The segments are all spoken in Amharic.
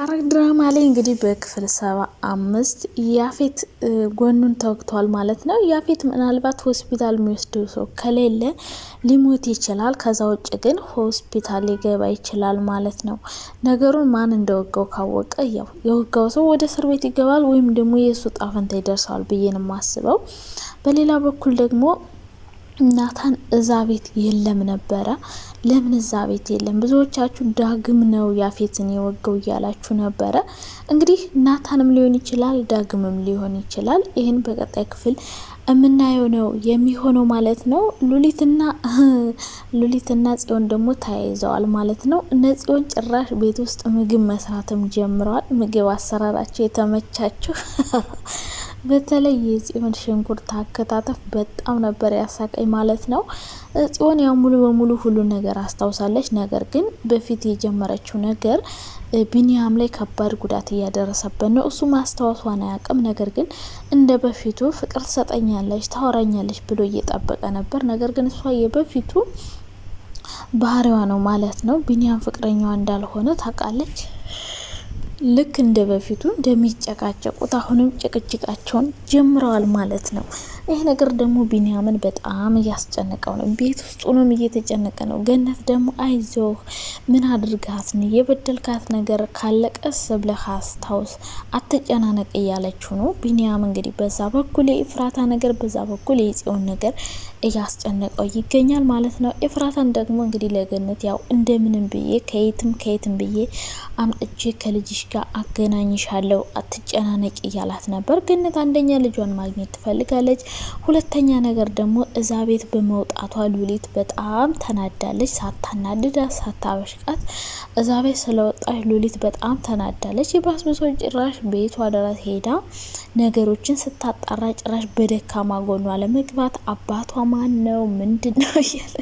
ሐረግ ድራማ ላይ እንግዲህ በክፍል ሰባ አምስት ያፌት ጎኑን ተወግቷል ማለት ነው። ያፌት ምናልባት ሆስፒታል የሚወስደው ሰው ከሌለ ሊሞት ይችላል። ከዛ ውጭ ግን ሆስፒታል ሊገባ ይችላል ማለት ነው። ነገሩን ማን እንደወጋው ካወቀ ያው የወጋው ሰው ወደ እስር ቤት ይገባል ወይም ደግሞ የእሱ ጣፈንታ ይደርሰዋል ብዬ ነው የማስበው። በሌላ በኩል ደግሞ ናታን እዛ ቤት የለም ነበረ ለምን እዛ ቤት የለም? ብዙዎቻችሁ ዳግም ነው ያፌትን የወገው እያላችሁ ነበረ። እንግዲህ ናታንም ሊሆን ይችላል፣ ዳግምም ሊሆን ይችላል። ይህን በቀጣይ ክፍል የምናየው ነው የሚሆነው ማለት ነው። ሉሊትና ሉሊትና ጽዮን ደግሞ ተያይዘዋል ማለት ነው። እነ ጽዮን ጭራሽ ቤት ውስጥ ምግብ መስራትም ጀምረዋል። ምግብ አሰራራቸው የተመቻቸው በተለይ የጽዮን ሽንኩርት አከታተፍ በጣም ነበር ያሳቀኝ ማለት ነው። ጽዮን ያው ሙሉ በሙሉ ሁሉ ነገር አስታውሳለች። ነገር ግን በፊት የጀመረችው ነገር ቢኒያም ላይ ከባድ ጉዳት እያደረሰበት ነው። እሱ ማስታወሷን አያውቅም። ነገር ግን እንደ በፊቱ ፍቅር ትሰጠኛለች፣ ታወራኛለች ብሎ እየጠበቀ ነበር። ነገር ግን እሷ የበፊቱ ባህሪዋ ነው ማለት ነው። ቢኒያም ፍቅረኛዋ እንዳልሆነ ታውቃለች። ልክ እንደ በፊቱ እንደሚጨቃጨቁት አሁንም ጭቅጭቃቸውን ጀምረዋል ማለት ነው። ይህ ነገር ደግሞ ቢንያምን በጣም እያስጨነቀው ነው። ቤት ውስጡንም እየተጨነቀ ነው። ገነት ደግሞ አይዞህ፣ ምን አድርጋት ነው የበደልካት ነገር ካለ ቀስ ብለህ አስታውስ፣ አትጨናነቅ እያለችው ነው። ቢንያም እንግዲህ በዛ በኩል የኤፍራታ ነገር፣ በዛ በኩል የጽዮን ነገር እያስጨነቀው ይገኛል ማለት ነው። ኤፍራታን ደግሞ እንግዲህ ለገነት ያው እንደምንም ብዬ ከየትም ከየትም ብዬ አምጥቼ ከልጅሽ ጋር አገናኝሻለሁ አትጨናነቂ እያላት ነበር። ገነት አንደኛ ልጇን ማግኘት ትፈልጋለች፣ ሁለተኛ ነገር ደግሞ እዛ ቤት በመውጣቷ ሉሊት በጣም ተናዳለች። ሳታናድዳ ሳታበሽቃት እዛ ቤት ስለወጣች ሉሊት በጣም ተናዳለች። የባስ ብሶ ጭራሽ ቤቷ ድረስ ሄዳ ነገሮችን ስታጣራ ጭራሽ በደካማ ጎኗ ለመግባት አባቷ ማን ነው ምንድን ነው እያለ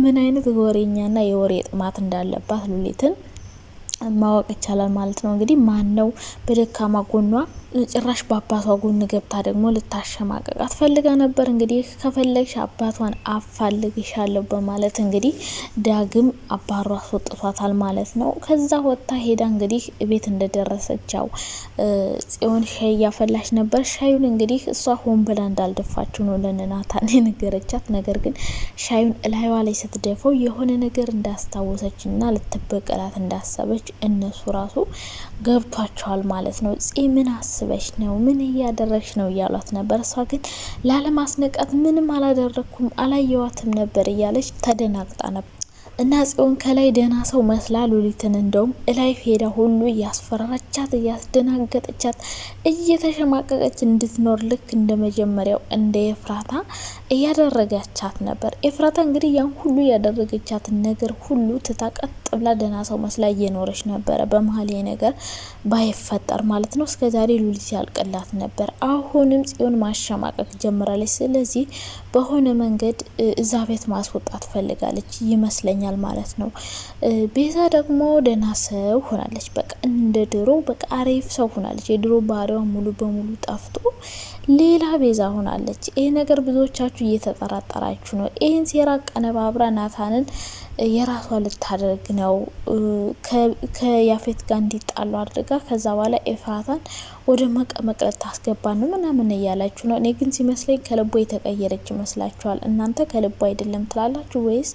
ምን አይነት ወሬኛና የወሬ ጥማት እንዳለባት ሉሊትን ማወቅ ይቻላል ማለት ነው። እንግዲህ ማን ነው በደካማ ጎኗ ጭራሽ በአባቷ ጎን ገብታ ደግሞ ልታሸማቀቃት ፈልጋ ነበር። እንግዲህ ከፈለግሽ አባቷን አፋልግሻለሁ በማለት እንግዲህ ዳግም አባሯ አስወጥቷታል ማለት ነው። ከዛ ወጥታ ሄዳ እንግዲህ ቤት እንደደረሰች ያው ጽዮን ሻይ እያፈላች ነበር። ሻዩን እንግዲህ እሷ ሆን ብላ እንዳልደፋችው ነው ለንናታን የነገረቻት። ነገር ግን ሻዩን እላይዋ ላይ ስትደፈው የሆነ ነገር እንዳስታወሰች እና ልትበቀላት እንዳሰበች እነሱ ራሱ ገብቷቸዋል ማለት ነው። ጽ ምን አስበሽ ነው? ምን እያደረግሽ ነው? እያሏት ነበር። እሷ ግን ላለማስነቃት ምንም አላደረግኩም አላየዋትም ነበር እያለች ተደናግጣ ነበር። እና ጽዮን ከላይ ደህና ሰው መስላ ሉሊትን እንደውም እላይ ሄዳ ሁሉ እያስፈራቻት እያስደናገጠቻት እየተሸማቀቀች እንድትኖር ልክ እንደ መጀመሪያው እንደ ኤፍራታ እያደረገቻት ነበር። ኤፍራታ እንግዲህ ያን ሁሉ ያደረገቻትን ነገር ሁሉ ትታቀጥ ብላ ደህና ሰው መስላ እየኖረች ነበረ። በመሀል ነገር ባይፈጠር ማለት ነው። ዛሬ ሉሊት ያልቅላት ነበር። አሁንም ጽዮን ማሸማቀቅ ጀምራለች። ስለዚህ በሆነ መንገድ እዛ ቤት ማስወጣት ፈልጋለች ይመስለኛል። ይገኛል ማለት ነው። ቤዛ ደግሞ ደህና ሰው ሆናለች። በቃ እንደ ድሮ በቃ አሪፍ ሰው ሆናለች። የድሮ ባህሪዋ ሙሉ በሙሉ ጠፍቶ ሌላ ቤዛ ሆናለች። ይህ ነገር ብዙዎቻችሁ እየተጠራጠራችሁ ነው። ይህን ሴራ ቀነባብራ ናታንን የራሷ ልታደርግ ነው። ከያፌት ጋር እንዲጣሉ አድርጋ ከዛ በኋላ ኤፍራታን ወደ መቀመቅረት ታስገባ ነው ምናምን እያላችሁ ነው። እኔ ግን ሲመስለኝ ከልቧ የተቀየረች ይመስላችኋል። እናንተ ከልቧ አይደለም ትላላችሁ ወይስ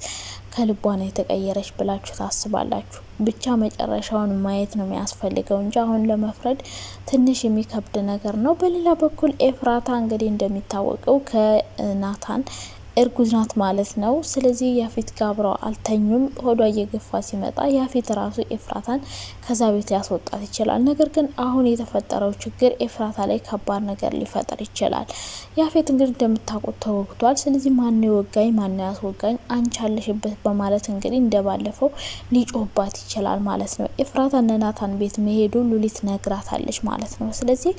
ከልቧ ነው የተቀየረች ብላችሁ ታስባላችሁ? ብቻ መጨረሻውን ማየት ነው የሚያስፈልገው እንጂ አሁን ለመፍረድ ትንሽ የሚከብድ ነገር ነው። በሌላ በኩል ኤፍራታ እንግዲህ እንደሚታወቀው ከናታን እርጉዝ ናት ማለት ነው። ስለዚህ ያፌት ጋር አብረው አልተኙም። ሆዷ እየገፋ ሲመጣ ያፌት ራሱ ኤፍራታን ከዛ ቤት ሊያስወጣት ይችላል። ነገር ግን አሁን የተፈጠረው ችግር ኤፍራታ ላይ ከባድ ነገር ሊፈጠር ይችላል። ያፌት እንግዲህ እንደምታውቁት ተወግቷል። ስለዚህ ማን ወጋኝ፣ ማን ያስወጋኝ፣ አንቺ አለሽበት በማለት እንግዲህ እንደባለፈው ሊጮህባት ይችላል ማለት ነው። ኤፍራታ ነናታን ቤት መሄዱ ሉሊት ነግራታለች ማለት ነው። ስለዚህ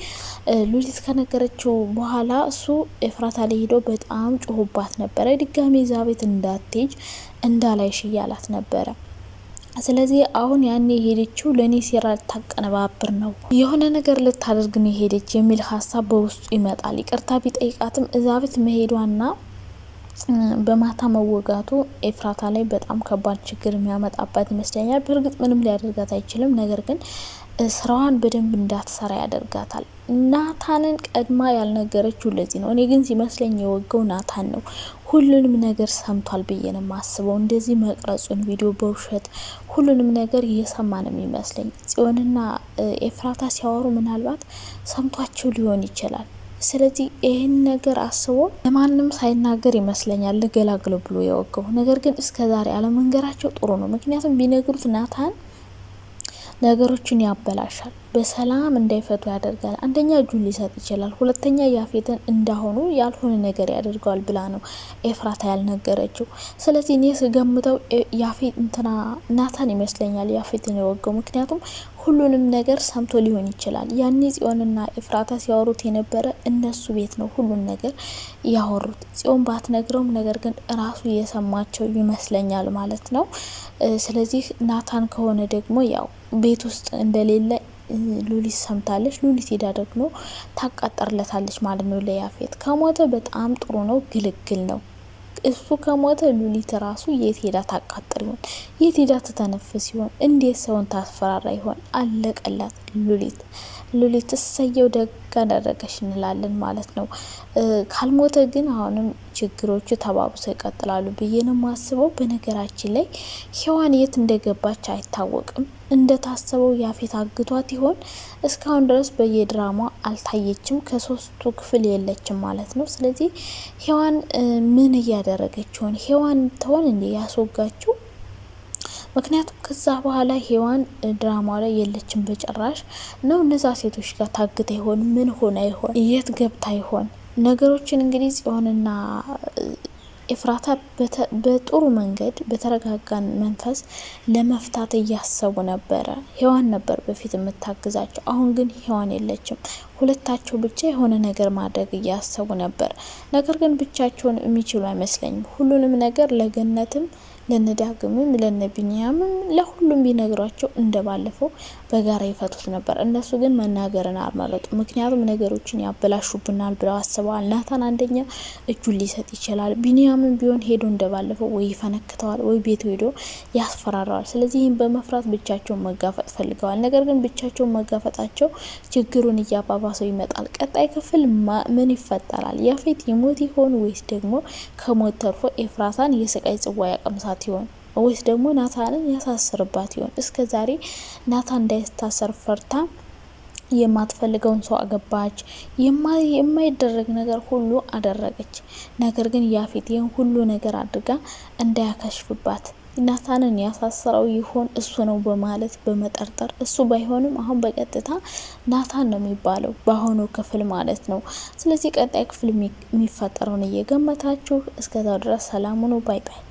ሉሊት ከነገረችው በኋላ እሱ ኤፍራታ ላይ ሄዶ በጣም ጮህባት ነበር ነበረ። ድጋሚ እዛ ቤት እንዳትሄጅ እንዳላይሽ እያላት ነበረ። ስለዚህ አሁን ያኔ የሄደችው ለእኔ ሴራ ልታቀነባብር ነው፣ የሆነ ነገር ልታደርግ ነው የሄደች የሚል ሀሳብ በውስጡ ይመጣል። ይቅርታ ቢጠይቃትም እዛ ቤት መሄዷና በማታ መወጋቱ ኤፍራታ ላይ በጣም ከባድ ችግር የሚያመጣባት ይመስለኛል። በእርግጥ ምንም ሊያደርጋት አይችልም፣ ነገር ግን ስራዋን በደንብ እንዳትሰራ ያደርጋታል። ናታንን ቀድማ ያልነገረችው ለዚህ ነው። እኔ ግን ሲመስለኝ የወገው ናታን ነው። ሁሉንም ነገር ሰምቷል ብዬ ነው የማስበው። እንደዚህ መቅረጹን ቪዲዮ በውሸት ሁሉንም ነገር እየሰማ ነው የሚመስለኝ። ጽዮንና ኤፍራታ ሲያወሩ ምናልባት ሰምቷቸው ሊሆን ይችላል። ስለዚህ ይህን ነገር አስቦ ለማንም ሳይናገር ይመስለኛል ልገላግለው ብሎ የወገቡ። ነገር ግን እስከዛሬ አለመንገራቸው ጥሩ ነው። ምክንያቱም ቢነግሩት ናታን ነገሮችን ያበላሻል፣ በሰላም እንዳይፈቱ ያደርጋል። አንደኛ እጁን ሊሰጥ ይችላል፣ ሁለተኛ ያፌትን እንዳሆኑ ያልሆነ ነገር ያደርገዋል ብላ ነው ኤፍራታ ያልነገረችው። ስለዚህ እኔ ስገምተው ያፌት እንትና ናታን ይመስለኛል ያፌትን የወገው ምክንያቱም ሁሉንም ነገር ሰምቶ ሊሆን ይችላል። ያኔ ጽዮንና ኤፍራታ ሲያወሩት የነበረ እነሱ ቤት ነው ሁሉን ነገር ያወሩት። ጽዮን ባትነግረውም ነገር ግን ራሱ እየሰማቸው ይመስለኛል ማለት ነው። ስለዚህ ናታን ከሆነ ደግሞ ያው ቤት ውስጥ እንደሌለ ሉሊት ሰምታለች። ሉሊት ሄዳ ደግሞ ታቃጠርለታለች ማለት ነው ለያፌት። ከሞተ በጣም ጥሩ ነው፣ ግልግል ነው። እሱ ከሞተ ሉሊት ራሱ የት ሄዳ ታቃጥር ይሆን? የት ሄዳ ትተነፍስ ይሆን? እንዴት ሰውን ታስፈራራ ይሆን? አለቀላት ሉሊት። ሉሊት እሰየው ደግ አደረገሽ እንላለን ማለት ነው። ካልሞተ ግን አሁንም ችግሮቹ ተባብሰው ይቀጥላሉ ብዬ ነው የማስበው። በነገራችን ላይ ሔዋን የት እንደገባች አይታወቅም። እንደታሰበው ያፌት አግቷት ይሆን? እስካሁን ድረስ በየድራማ አልታየችም። ከሶስቱ ክፍል የለችም ማለት ነው። ስለዚህ ሔዋን ምን እያደረገች ይሆን? ሔዋን ትሆን እንዲ ያስወጋችው? ምክንያቱም ከዛ በኋላ ሄዋን ድራማ ላይ የለችም በጭራሽ ነው። እነዛ ሴቶች ጋር ታግታ ይሆን? ምን ሆነ ይሆን? የት ገብታ ይሆን? ነገሮችን እንግዲህ ጽዮንና ኤፍራታ በጥሩ መንገድ በተረጋጋን መንፈስ ለመፍታት እያሰቡ ነበረ። ሔዋን ነበር በፊት የምታግዛቸው። አሁን ግን ሔዋን የለችም። ሁለታቸው ብቻ የሆነ ነገር ማድረግ እያሰቡ ነበር። ነገር ግን ብቻቸውን የሚችሉ አይመስለኝም። ሁሉንም ነገር ለገነትም ለነዳግምም ዳግምም ለሁሉም ቢነግሯቸው እንደባለፈው በጋራ ይፈቱት ነበር። እነሱ ግን መናገርን አልመረጡ። ምክንያቱም ነገሮችን ያበላሹብናል ብለው አስበዋል። ናታን አንደኛ እጁን ሊሰጥ ይችላል። ቢንያምም ቢሆን ሄዶ እንደባለፈው ወይ ይፈነክተዋል ወይ ቤት ሄዶ ያስፈራረዋል። ስለዚህ ይህም በመፍራት ብቻቸውን መጋፈጥ ፈልገዋል። ነገር ግን ብቻቸውን መጋፈጣቸው ችግሩን እያባባሰው ይመጣል። ቀጣይ ክፍል ምን ይፈጠራል? ያፌት ይሞት ይሆን ወይስ ደግሞ ከሞት ተርፎ ኤፍራታን የስቃይ ጽዋ ያቀምሳል? ያስርባት ይሆን ወይስ ደግሞ ናታንን ያሳስርባት ይሆን? እስከ ዛሬ ናታን እንዳይታሰር ፈርታ የማትፈልገውን ሰው አገባች። የማይደረግ ነገር ሁሉ አደረገች። ነገር ግን ያፌት ይህን ሁሉ ነገር አድርጋ እንዳያከሽፍባት ናታንን ያሳሰረው ይሆን እሱ ነው በማለት በመጠርጠር እሱ ባይሆንም አሁን በቀጥታ ናታን ነው የሚባለው በአሁኑ ክፍል ማለት ነው። ስለዚህ ቀጣይ ክፍል የሚፈጠረውን እየገመታችሁ እስከዛው ድረስ ሰላም ሁኑ። ባይ ባይ።